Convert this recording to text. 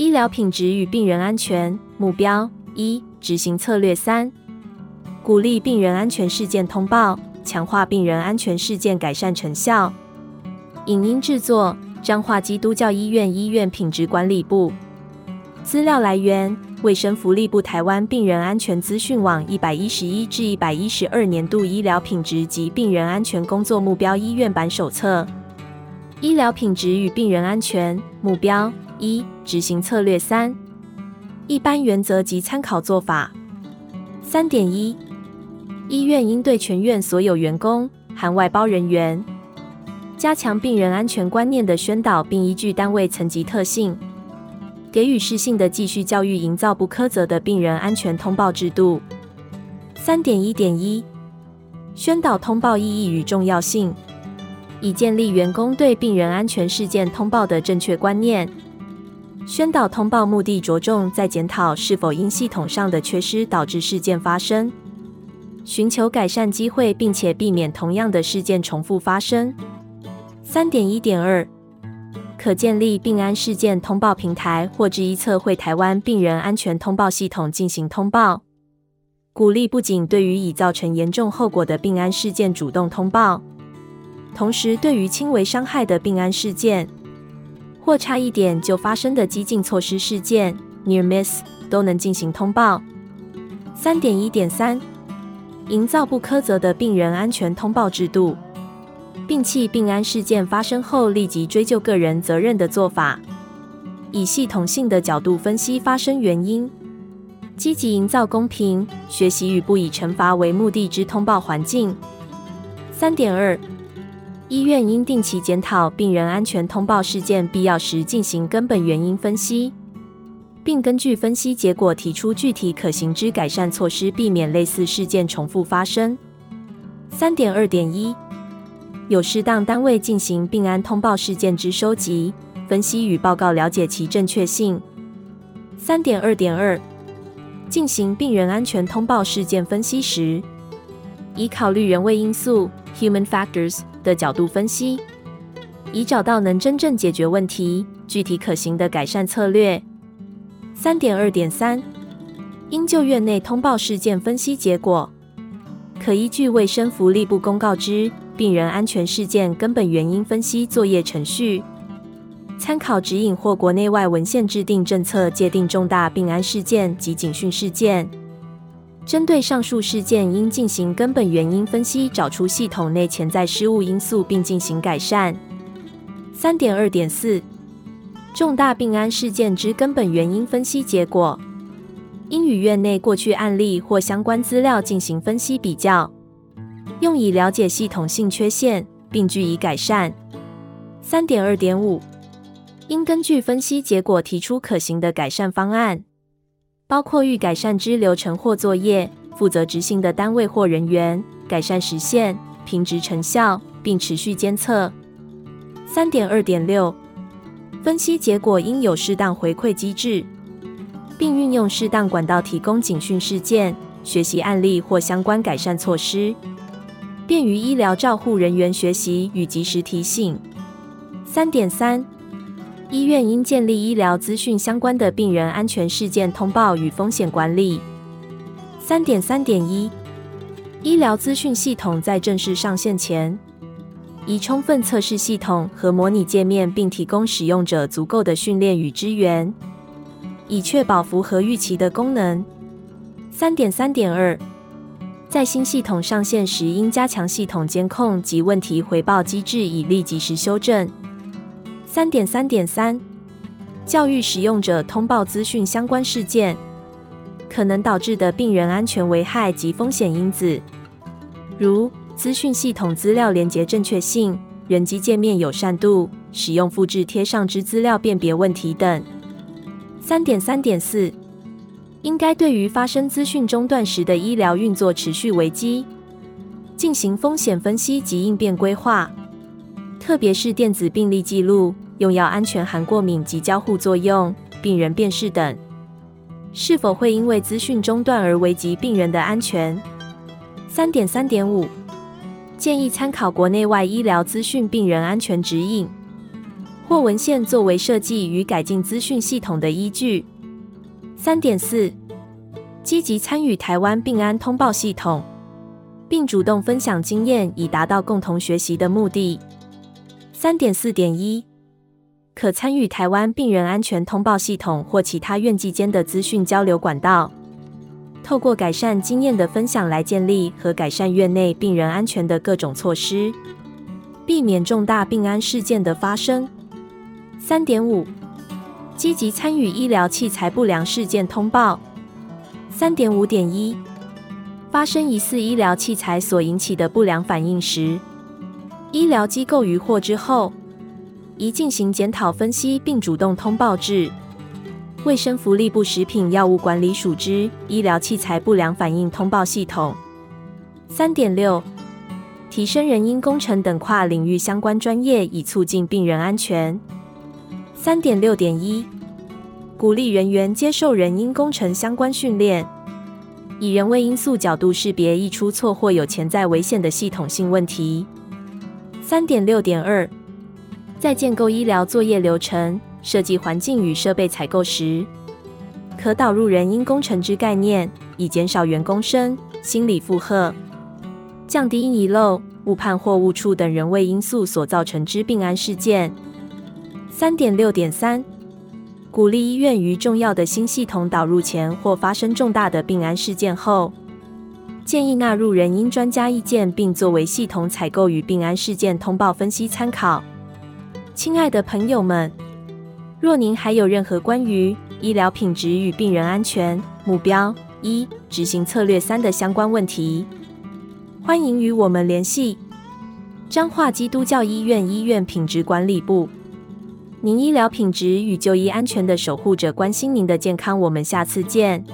醫療品質與病人安全目標一：執行策略三，鼓勵病人安全事件通報，強化病人安全事件改善成效。影音制作：彰化基督教醫院醫院品質管理部。資料來源：衛生福利部台灣病人安全資訊網一百一十一至一百一十二年度醫療品質及病人安全工作目標醫院版手冊。醫療品質與病人安全目標。一，執行策略三一般原則及參考做法。三點一，醫院應對全院所有員工，含外包人員，加強病人安全觀念的宣導，並依據單位層級特性，給予適性的繼續教育，營造不苛責的病人安全通報制度。三點一點一，宣導通報意義與重要性，以建立員工對病人安全事件通報的正確觀念。宣導通報目的着重在檢討是否因系統上的缺失導致事件發生，尋求改善機會，並且避免同樣的事件重複發生。三點一點二，可建立病安事件通報平台或至醫策會台灣病人安全通報系統進行通報，鼓勵不僅對於已造成嚴重後果的病安事件主動通報，同時對於輕微傷害的病安事件，或差一點就發生的幾近錯失事件 （near miss） 都能進行通報。三點一點三，營造不苛責的病人安全通報制度，摒棄病安事件發生後立即追究個人責任的做法，以系統性的角度分析發生原因，積極營造公平、學習與不以懲罰為目的之通報環境。三點二。醫院應定期檢討病人安全通報事件，必要時進行根本原因分析，並根據分析結果提出具體可行之改善措施，避免類似事件重複發生。三點二點一，有適當單位進行病安通報事件之收集、分析與報告，了解其正確性。三點二點二，進行病人安全通報事件分析時，以考慮人為因素 （human factors）。的角度分析，以找到能真正解決問題、具體可行的改善策略。三點二點三，應就院內通報事件分析結果，可依據衛生福利部公告之病人安全事件根本原因分析作業程序，參考指引或國內外文獻制定政策，界定重大病安事件及警訊事件。針對上述事件，應進行根本原因分析，找出系統內潛在失誤因素，並進行改善。三點二點四，重大病安事件之根本原因分析結果，應與院內過去案例或相關資料進行分析比較，用以了解系統性缺陷，並據以改善。三點二點五，應根據分析結果提出可行的改善方案。包括欲改善之流程或作業，負責執行的單位或人員，改善實現、評值成效，並持續監測。三點二點六，分析結果應有適當回饋機制，並運用適當管道提供警訊事件、學習案例或相關改善措施，便於醫療照護人員學習與及時提醒。三點三。醫院應建立醫療資訊相關的病人安全事件通報與風險管理。三點三點一，醫療資訊系統在正式上線前，宜充分測試系統和模擬界面，並提供使用者足夠的訓練與支援，以確保符合預期的功能。三點三點二，在新系統上線時，應加強系統監控及問題回報機制，以利及時修正。三點三點三，3. 3. 3. 3. 教育使用者通報資訊相關事件可能導致的病人安全危害及風險因子，如資訊系統資料連結正確性、人機界面友善度、使用複製貼上之資料辨別問題等。三點三點四，應該對於發生資訊中斷時的醫療運作持續危機進行風險分析及應變規劃。特別是電子病歷記錄、用藥安全、含過敏及交互作用、病人辨識等，是否會因為資訊中斷而危及病人的安全？三點三點五，建議參考國內外醫療資訊病人安全指引或文獻作為設計與改進資訊系統的依據。三點四，積極參與台灣病安通報系統，並主動分享經驗，以達到共同學習的目的。三點四點一，1, 可參與台灣病人安全通報系統或其他院際間的資訊交流管道，透過改善經驗的分享來建立和改善院內病人安全的各種措施，避免重大病安事件的發生。三點五，積極參與醫療器材不良事件通報。三點五點一，發生疑似醫療器材所引起的不良反應時。醫療機構於獲知後，宜進行檢討分析，並主動通報至衛生福利部食品藥物管理署之醫療器材不良反應通報系統。三點六，提升人因工程等跨領域相關專業，以促進病人安全。三點六點一，鼓勵人員接受人因工程相關訓練，以人為因素角度識別易出錯或有潛在危險的系統性問題。三點六點二，在建構醫療作業流程、設計環境與設備採購時，可導入人因工程之概念，以減少員工身心理負荷，降低因遺漏、誤判或誤觸等人為因素所造成之病安事件。三點六點三，鼓勵醫院於重要的新系統導入前或發生重大的病安事件後。建議納入人因專家意見，並作為系統採購與病安事件通報分析參考。親愛的朋友們，若您還有任何關於醫療品質與病人安全目標一執行策略三的相關問題，歡迎與我們聯繫。彰化基督教醫院醫院品質管理部，您醫療品質與就醫安全的守護者，關心您的健康。我們下次見。